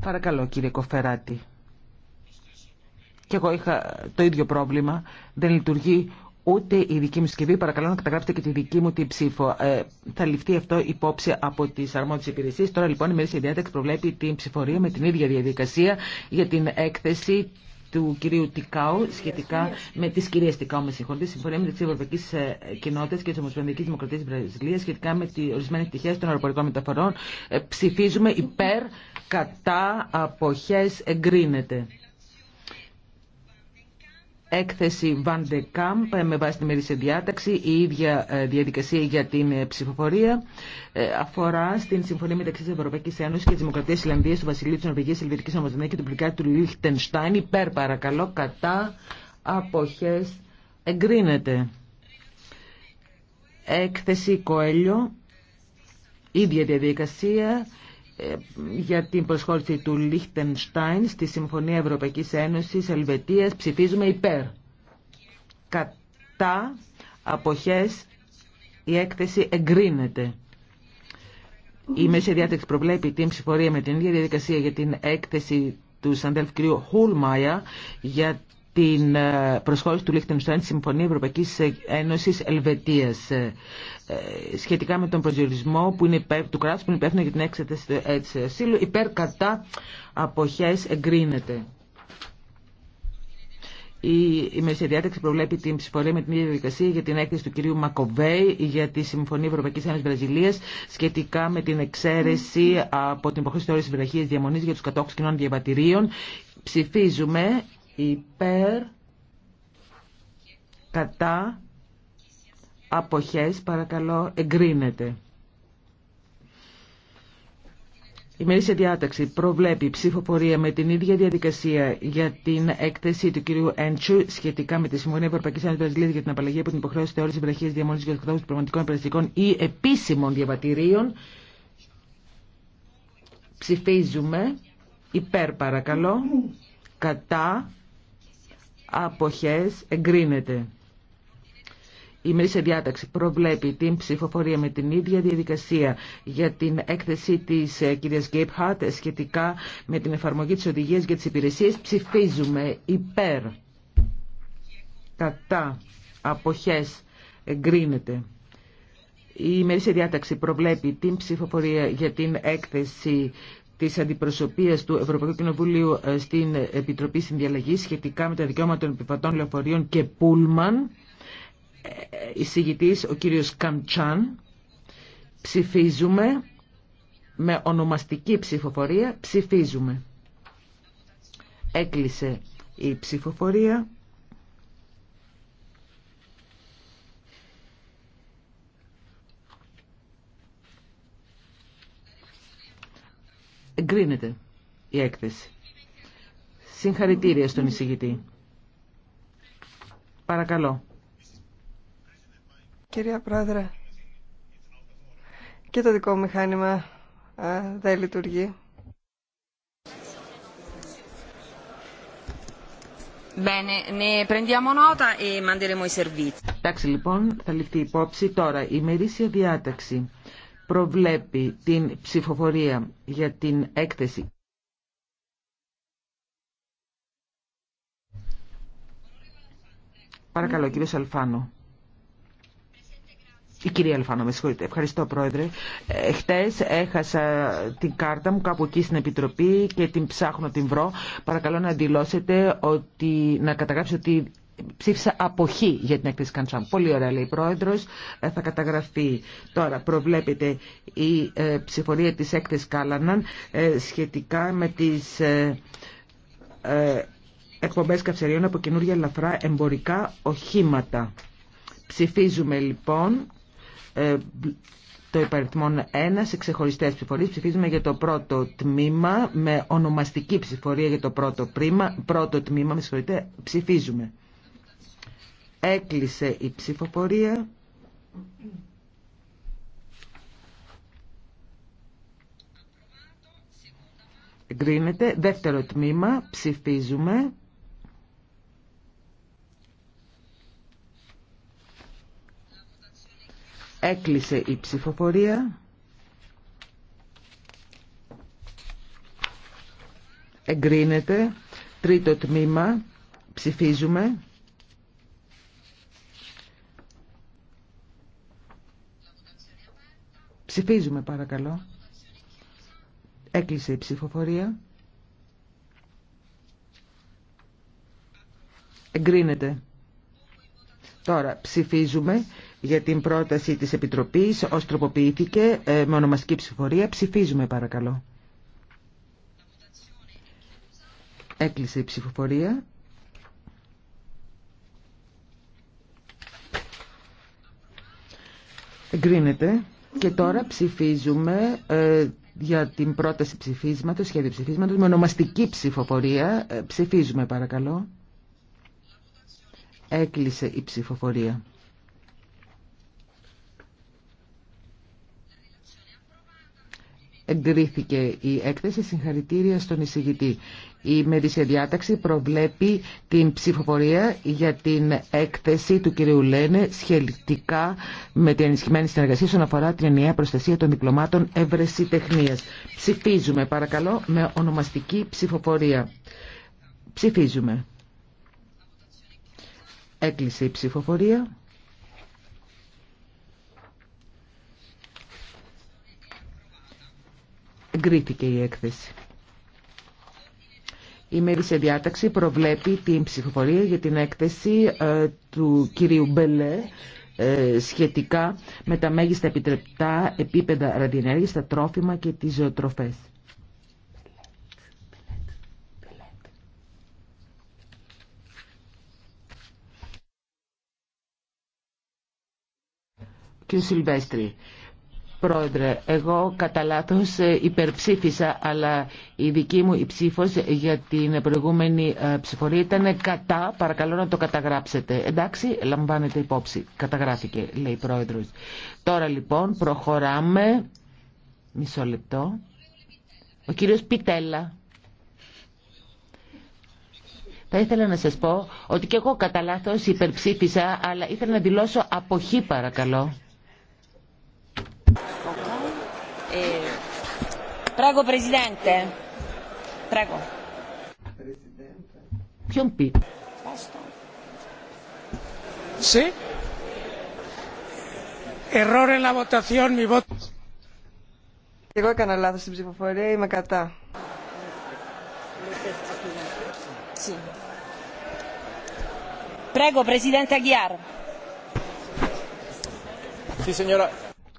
Παρακαλώ κύριε Κοφεράτη. Και εγώ είχα το ίδιο πρόβλημα. Δεν λειτουργεί ούτε η δική μου συσκευή. Παρακαλώ να καταγράψετε και τη δική μου τη ψήφο. Ε, θα ληφθεί αυτό υπόψη από τι αρμόδιε υπηρεσίε. Τώρα λοιπόν η Μέση Διάταξη προβλέπει την ψηφορία με την ίδια διαδικασία για την έκθεση του κυρίου Τικάου σχετικά με τι κυρίε Τικάου, με συγχωρείτε, συμφωνία μεταξύ Ευρωπαϊκή ε, Κοινότητα και τη Ομοσπονδιακή Δημοκρατία τη Βραζιλία σχετικά με τι ορισμένε πτυχέ των αεροπορικών μεταφορών. Ε, ψηφίζουμε υπέρ, κατά, αποχέ, εγκρίνεται έκθεση Βαντεκάμπ με βάση τη μερίσια διάταξη η ίδια ε, διαδικασία για την ε, ψηφοφορία ε, αφορά στην συμφωνία μεταξύ της Ευρωπαϊκής Ένωσης και της Δημοκρατίας Ισλανδίας του Βασιλείου της Νορβηγίας Ελβετικής Ομοσπονδίας και του Πληκάτου του Λίχτενστάιν υπέρ παρακαλώ κατά αποχές εγκρίνεται έκθεση Κοέλιο ίδια διαδικασία για την προσχώρηση του Λίχτενστάιν στη Συμφωνία Ευρωπαϊκής Ένωσης Ελβετίας ψηφίζουμε υπέρ. Κατά αποχές η έκθεση εγκρίνεται. Η Μέση Διάταξη προβλέπει την ψηφορία με την ίδια διαδικασία για την έκθεση του Σαντέλφ κ. Χούλμαια για την ε, προσχώρηση του Λίχτενστάιν στη Συμφωνία Ευρωπαϊκή Ένωση Ελβετία ε, ε, σχετικά με τον προσδιορισμό που είναι υπέρ, του κράτου που είναι υπεύθυνο για την του ασύλου υπέρ κατά αποχέ εγκρίνεται. Η ημερήσια διάταξη προβλέπει την ψηφορία με την ίδια διαδικασία για την έκθεση του κυρίου Μακοβέη για τη Συμφωνία Ευρωπαϊκή Ένωση Βραζιλία σχετικά με την εξαίρεση από την υποχρέωση τη βραχία διαμονή για του κατόχου κοινών διαβατηρίων. Ψηφίζουμε υπέρ, κατά, αποχές, παρακαλώ, εγκρίνεται. Η μερίσια διάταξη προβλέπει ψηφοφορία με την ίδια διαδικασία για την έκθεση του κυρίου Έντσου σχετικά με τη Συμφωνία Ευρωπαϊκή Ένωση για την απαλλαγή από την υποχρέωση θεώρηση βραχία διαμόνηση για του πραγματικών υπηρεσιακών ή επίσημων διαβατηρίων. Ψηφίζουμε υπέρ παρακαλώ, κατά αποχές εγκρίνεται. Η μερίσια διάταξη προβλέπει την ψηφοφορία με την ίδια διαδικασία για την έκθεση της ε, κυρίας Γκέιπχατ σχετικά με την εφαρμογή της οδηγίας για τις υπηρεσίες. Ψηφίζουμε υπέρ, κατά, αποχές, εγκρίνεται. Η ημερήσια διάταξη προβλέπει την ψηφοφορία για την έκθεση της αντιπροσωπείας του Ευρωπαϊκού Κοινοβουλίου ε, στην Επιτροπή Συνδιαλλαγή σχετικά με τα δικαιώματα των επιβατών λεωφορείων και Πούλμαν. Ε, εισηγητή ο κύριος Καμτσάν. Ψηφίζουμε με ονομαστική ψηφοφορία. Ψηφίζουμε. Έκλεισε η ψηφοφορία. Εγκρίνεται η έκθεση. Συγχαρητήρια στον εισηγητή. Παρακαλώ. Κυρία Πρόεδρε, και το δικό μου μηχάνημα α, ε, δεν λειτουργεί. E Εντάξει λοιπόν, θα ληφθεί υπόψη τώρα η μερίσια διάταξη προβλέπει την ψηφοφορία για την έκθεση. Παρακαλώ, κύριο Αλφάνο. Η κυρία Αλφάνο, με συγχωρείτε. Ευχαριστώ, Πρόεδρε. Ε, Χτε έχασα την κάρτα μου κάπου εκεί στην Επιτροπή και την ψάχνω, την βρω. Παρακαλώ να δηλώσετε ότι, να καταγράψετε ότι ψήφισα αποχή για την έκθεση Καντσάμ. Πολύ ωραία λέει η Πρόεδρος. Ε, θα καταγραφεί τώρα, προβλέπεται η ε, ψηφορία της έκθεσης Κάλαναν ε, σχετικά με τις εκπομπές καυσερίων από καινούργια ελαφρά εμπορικά οχήματα. Ψηφίζουμε λοιπόν το υπαριθμόν 1 σε ξεχωριστές ψηφορίες. Ψηφίζουμε για το πρώτο τμήμα με ονομαστική ψηφορία για το πρώτο, πρίμα, πρώτο τμήμα. Με ψηφίζουμε. Έκλεισε η ψηφοφορία. Εγκρίνεται. Δεύτερο τμήμα. Ψηφίζουμε. Έκλεισε η ψηφοφορία. Εγκρίνεται. Τρίτο τμήμα. Ψηφίζουμε. Ψηφίζουμε παρακαλώ. Έκλεισε η ψηφοφορία. Εγκρίνεται. Τώρα ψηφίζουμε για την πρόταση της Επιτροπής ως τροποποιήθηκε ε, με ονομαστική ψηφορία. Ψηφίζουμε παρακαλώ. Έκλεισε η ψηφοφορία. Εγκρίνεται. Και τώρα ψηφίζουμε ε, για την πρόταση ψηφίσματος, σχέδιο ψηφίσματος, με ονομαστική ψηφοφορία. Ε, ψηφίζουμε παρακαλώ. Έκλεισε η ψηφοφορία. εγκρίθηκε η έκθεση συγχαρητήρια στον εισηγητή. Η μερίσια διάταξη προβλέπει την ψηφοφορία για την έκθεση του κυρίου Λένε σχετικά με την ενισχυμένη συνεργασία όσον αφορά την ενιαία προστασία των διπλωμάτων ευρεσιτεχνίας. Ψηφίζουμε παρακαλώ με ονομαστική ψηφοφορία. Ψηφίζουμε. Έκλεισε η ψηφοφορία. εγκρίθηκε η έκθεση. Η σε διάταξη προβλέπει την ψηφοφορία για την έκθεση ε, του κυρίου Μπελέ ε, σχετικά με τα μέγιστα επιτρεπτά επίπεδα ραδιενέργειας στα τρόφιμα και τις ζωοτροφές. Κύριε Σιλβέστρη, Πρόεδρε, εγώ κατά λάθο ε, υπερψήφισα, αλλά η δική μου η για την προηγούμενη ε, ψηφορία ήταν κατά, παρακαλώ να το καταγράψετε. Εντάξει, λαμβάνετε υπόψη. Καταγράφηκε, λέει η Πρόεδρος. Τώρα λοιπόν προχωράμε. Μισό λεπτό. Ο κύριος Πιτέλα. Θα ήθελα να σας πω ότι και εγώ κατά λάθο υπερψήφισα, αλλά ήθελα να δηλώσω αποχή παρακαλώ. Eh, Prego, Presidente. Prego. Presidente. Basta. Sí. Errore en la votación, mi voto. Εγώ έκανα λάθος στην ψηφοφορία, είμαι κατά. Prego, Presidente Aguiar. Sí, señora.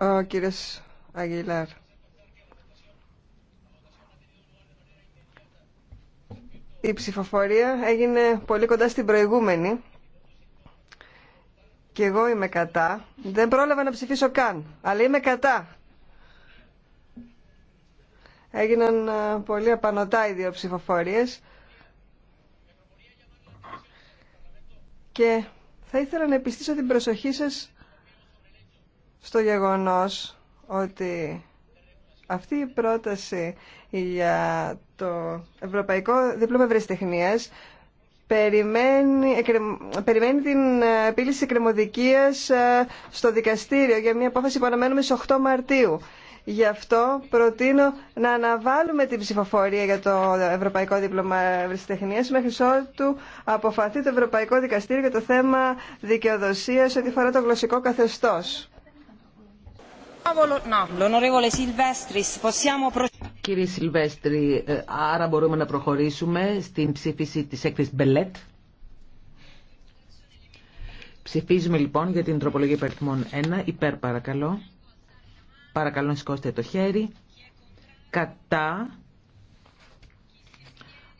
Ο κύριος η ψηφοφορία έγινε πολύ κοντά στην προηγούμενη και εγώ είμαι κατά. Δεν πρόλαβα να ψηφίσω καν, αλλά είμαι κατά. Έγιναν ε, πολύ απανοτά οι δύο ψηφοφορίες και θα ήθελα να επιστήσω την προσοχή σας στο γεγονός ότι αυτή η πρόταση για το Ευρωπαϊκό Δίπλωμα τεχνίας περιμένει, περιμένει την ε, επίλυση κρεμοδικίας ε, στο δικαστήριο για μια απόφαση που αναμένουμε στις 8 Μαρτίου. Γι' αυτό προτείνω να αναβάλουμε την ψηφοφορία για το Ευρωπαϊκό Δίπλωμα Ευρεσιτεχνία μέχρι ότου αποφαθεί το Ευρωπαϊκό Δικαστήριο για το θέμα δικαιοδοσία ό,τι αφορά το γλωσσικό καθεστώ. Κύριε Σιλβέστρη, ε, άρα μπορούμε να προχωρήσουμε στην ψήφιση της έκθεσης Μπελέτ. Ψηφίζουμε λοιπόν για την τροπολογία υπερθυμών 1. Υπέρ παρακαλώ. Παρακαλώ να σηκώστε το χέρι. Κατά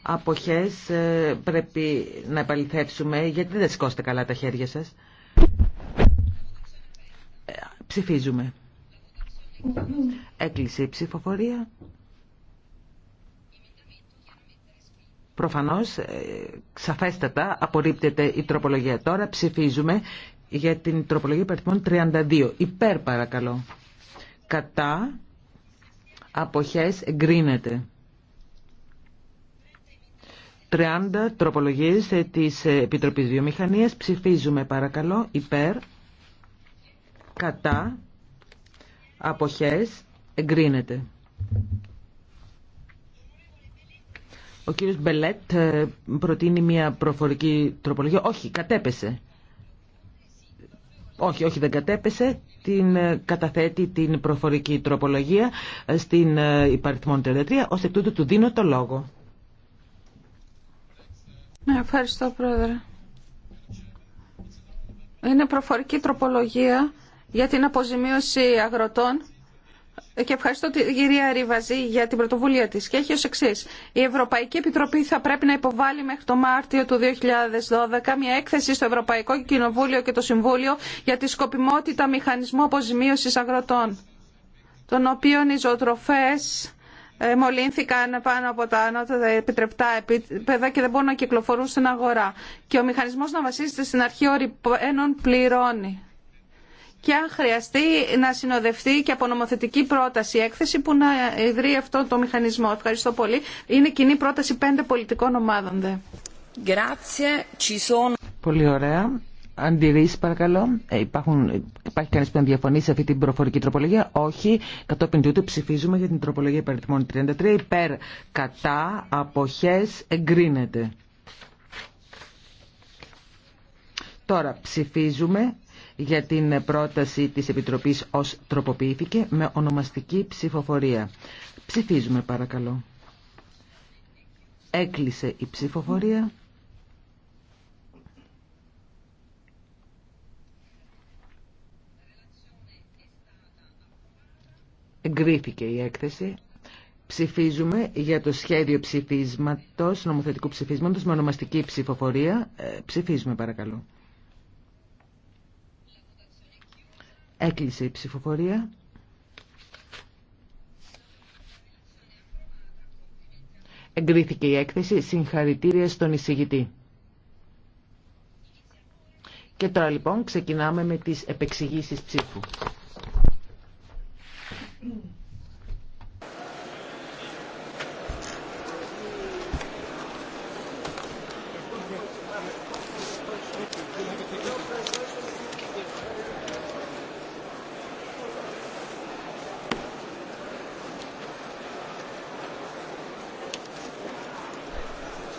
αποχές ε, πρέπει να επαληθεύσουμε γιατί δεν σηκώσετε καλά τα χέρια σας. Ε, ψηφίζουμε. Έκλεισε η ψηφοφορία. Προφανώς, ε, σαφέστατα, απορρίπτεται η τροπολογία. Τώρα ψηφίζουμε για την τροπολογία υπερθυμών 32. Υπέρ παρακαλώ. Κατά αποχές εγκρίνεται. 30 τροπολογίες ε, της ε, Επιτροπής Βιομηχανίας. Ψηφίζουμε παρακαλώ υπέρ, κατά, αποχές εγκρίνεται. Ο κύριος Μπελέτ ε, προτείνει μια προφορική τροπολογία. Όχι, κατέπεσε. Όχι, όχι, δεν κατέπεσε. Την ε, καταθέτει την προφορική τροπολογία ε, στην υπαριθμόν 33, ως εκ τούτου του δίνω το λόγο. Ναι, ευχαριστώ, Πρόεδρε. Είναι προφορική τροπολογία για την αποζημίωση αγροτών και ευχαριστώ την κυρία Ριβαζή για την πρωτοβουλία της και έχει ως εξή. Η Ευρωπαϊκή Επιτροπή θα πρέπει να υποβάλει μέχρι το Μάρτιο του 2012 μια έκθεση στο Ευρωπαϊκό Κοινοβούλιο και το Συμβούλιο για τη σκοπιμότητα μηχανισμού αποζημίωσης αγροτών των οποίων οι ζωοτροφές ε, μολύνθηκαν πάνω από τα ανώτατα επιτρεπτά επίπεδα και δεν μπορούν να κυκλοφορούν στην αγορά. Και ο μηχανισμός να βασίζεται στην αρχή ενών πληρώνει και αν χρειαστεί να συνοδευτεί και από νομοθετική πρόταση έκθεση που να ιδρύει αυτό το μηχανισμό. Ευχαριστώ πολύ. Είναι κοινή πρόταση πέντε πολιτικών ομάδων. Δε. Πολύ ωραία. Αντιρρήσει, παρακαλώ. Ε, υπάρχουν, υπάρχει κανεί που να διαφωνεί σε αυτή την προφορική τροπολογία. Όχι. Κατόπιν τούτου ψηφίζουμε για την τροπολογία υπαριθμών 33. Υπέρ, κατά, αποχέ, εγκρίνεται. Τώρα ψηφίζουμε για την πρόταση της Επιτροπής ως τροποποιήθηκε με ονομαστική ψηφοφορία. Ψηφίζουμε παρακαλώ. Έκλεισε η ψηφοφορία. Εγκρίθηκε η έκθεση. Ψηφίζουμε για το σχέδιο ψηφίσματος, νομοθετικού ψηφίσματος με ονομαστική ψηφοφορία. Ε, ψηφίζουμε παρακαλώ. Έκλεισε η ψηφοφορία. Εγκρίθηκε η έκθεση. Συγχαρητήρια στον εισηγητή. Και τώρα λοιπόν ξεκινάμε με τις επεξηγήσεις ψήφου.